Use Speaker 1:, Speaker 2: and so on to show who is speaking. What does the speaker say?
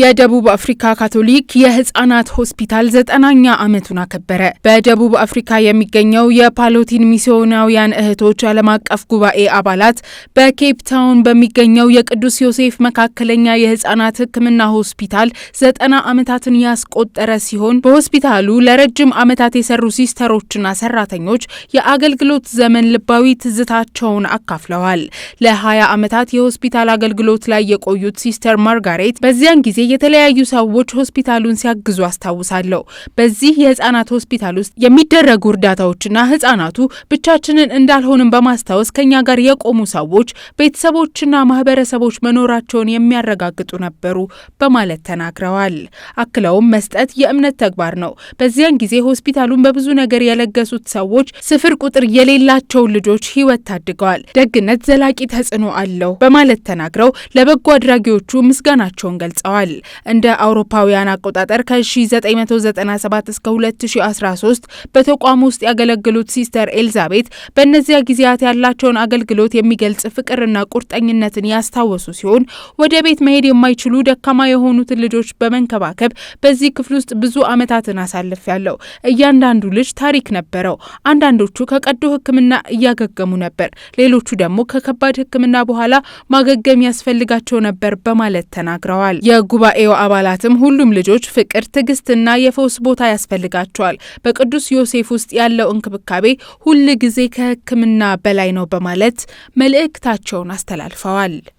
Speaker 1: የደቡብ አፍሪካ ካቶሊክ የህጻናት ሆስፒታል ዘጠናኛ ዓመቱን አከበረ። በደቡብ አፍሪካ የሚገኘው የፓሎቲን ሚስዮናውያን እህቶች ዓለም አቀፍ ጉባኤ አባላት በኬፕ ታውን በሚገኘው የቅዱስ ዮሴፍ መካከለኛ የህጻናት ሕክምና ሆስፒታል ዘጠና ዓመታትን ያስቆጠረ ሲሆን በሆስፒታሉ ለረጅም ዓመታት የሰሩ ሲስተሮችና ሰራተኞች የአገልግሎት ዘመን ልባዊ ትዝታቸውን አካፍለዋል። ለ20 ዓመታት የሆስፒታል አገልግሎት ላይ የቆዩት ሲስተር ማርጋሬት በዚያን ጊዜ ጊዜ የተለያዩ ሰዎች ሆስፒታሉን ሲያግዙ አስታውሳለሁ። በዚህ የህጻናት ሆስፒታል ውስጥ የሚደረጉ እርዳታዎችና ህጻናቱ ብቻችንን እንዳልሆንም በማስታወስ ከኛ ጋር የቆሙ ሰዎች፣ ቤተሰቦችና ማህበረሰቦች መኖራቸውን የሚያረጋግጡ ነበሩ በማለት ተናግረዋል። አክለውም መስጠት የእምነት ተግባር ነው። በዚያን ጊዜ ሆስፒታሉን በብዙ ነገር የለገሱት ሰዎች ስፍር ቁጥር የሌላቸውን ልጆች ህይወት ታድገዋል። ደግነት ዘላቂ ተጽዕኖ አለው በማለት ተናግረው ለበጎ አድራጊዎቹ ምስጋናቸውን ገልጸዋል። ተገኝተዋል። እንደ አውሮፓውያን አቆጣጠር ከ1997 እስከ 2013 በተቋም ውስጥ ያገለግሉት ሲስተር ኤልዛቤት በእነዚያ ጊዜያት ያላቸውን አገልግሎት የሚገልጽ ፍቅርና ቁርጠኝነትን ያስታወሱ ሲሆን ወደ ቤት መሄድ የማይችሉ ደካማ የሆኑትን ልጆች በመንከባከብ በዚህ ክፍል ውስጥ ብዙ ዓመታትን ያለው እያንዳንዱ ልጅ ታሪክ ነበረው። አንዳንዶቹ ከቀዶ ሕክምና እያገገሙ ነበር፣ ሌሎቹ ደግሞ ከከባድ ሕክምና በኋላ ማገገም ያስፈልጋቸው ነበር በማለት ተናግረዋል። የጉባኤው አባላትም ሁሉም ልጆች ፍቅር፣ ትዕግስትና የፈውስ ቦታ ያስፈልጋቸዋል። በቅዱስ ዮሴፍ ውስጥ ያለው እንክብካቤ ሁል ጊዜ ከሕክምና በላይ ነው በማለት መልእክታቸውን አስተላልፈዋል።